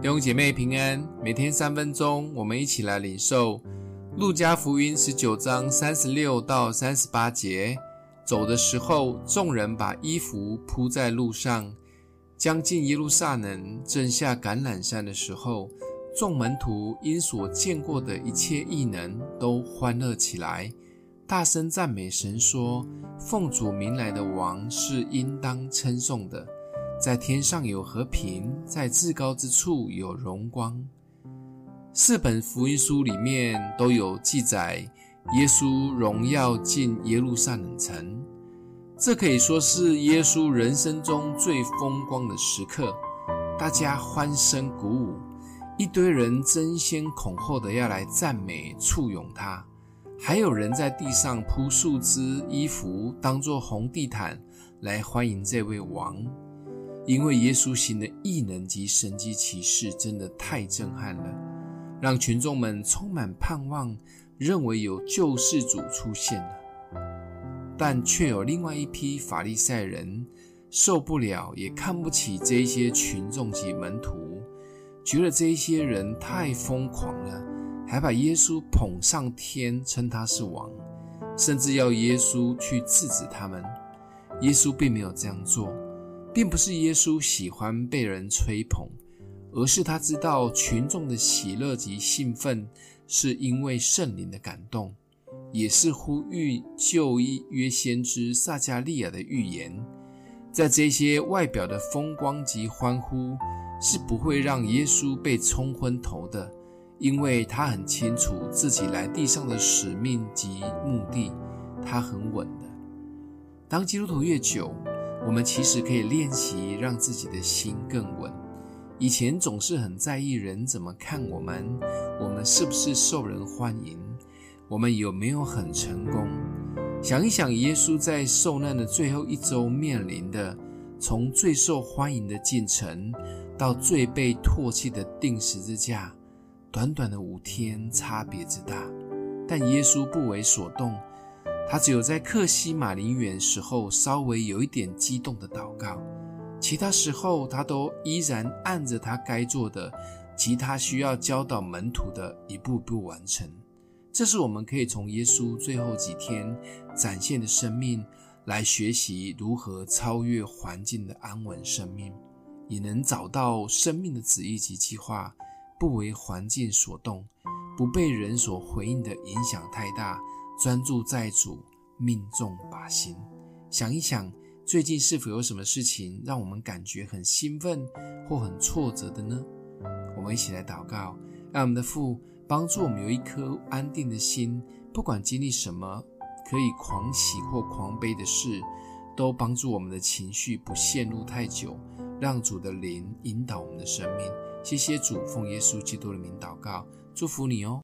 弟兄姐妹平安，每天三分鐘，我們一起來領受《路加福音》十九章三十六到三十八節。走的時候，眾人把衣服鋪在路上，將近耶路撒冷，正下橄欖山的時候，眾門徒因所見過的一切異能都歡樂起來，大聲讚美神，說：“奉主名來的王是應當稱頌的。”在天上有和平，在至高之處有榮光。四本福音書裡面都有記載，耶穌榮耀進耶路撒冷城。這可以說是耶穌人生中最風光的時刻。大家歡聲鼓舞，一堆人爭先恐後的要來讚美、簇擁他，還有人在地上鋪樹枝、衣服當做紅地毯來歡迎這位王。因為耶穌行的異能及神蹟奇事真的太震撼了，讓群眾們充滿盼望，認為有救世主出現了。但卻有另外一批法利賽人受不了，也看不起這些群眾及門徒，覺得這些人太瘋狂了，還把耶穌捧上天，稱他是王，甚至要耶穌去制止他們。耶穌並沒有這樣做。並不是耶穌喜歡被人吹捧，而是他知道群眾的喜樂及興奮，是因為聖靈的感動，也是呼應舊約先知撒迦利亞的預言。在這些外表的風光及歡呼，是不會讓耶穌被沖昏頭的，因為他很清楚自己來地上的使命及目的，他很穩的。當基督徒越久，我們其實可以練習讓自己的心更穩。以前總是很在意人怎麼看我們，我們是不是受人歡迎，我們有沒有很成功。想一想，耶穌在受難的最後一周面臨的，從最受歡迎的進城到最被唾棄的釘十字架，短短的五天，差別之大。但耶穌不為所動。他只有在客西馬尼園時候稍微有一點激動的禱告，其他時候他都依然按着他該做的，及他需要教導門徒的一步步完成。這是我們可以從耶穌最後幾天展現的生命來學習如何超越環境的安穩生命，也能找到生命的旨意及計劃，不為環境所動，不被人所回應的影響太大。專注在主，命中靶心。想一想，最近是否有什麼事情讓我們感覺很興奮或很挫折的呢？我們一起來禱告，讓我們的父幫助我們有一顆安定的心。不管經歷什麼可以狂喜或狂悲的事，都幫助我們的情緒不陷入太久。讓主的靈引導我們的生命。謝謝主，奉耶穌基督的名禱告，祝福你哦。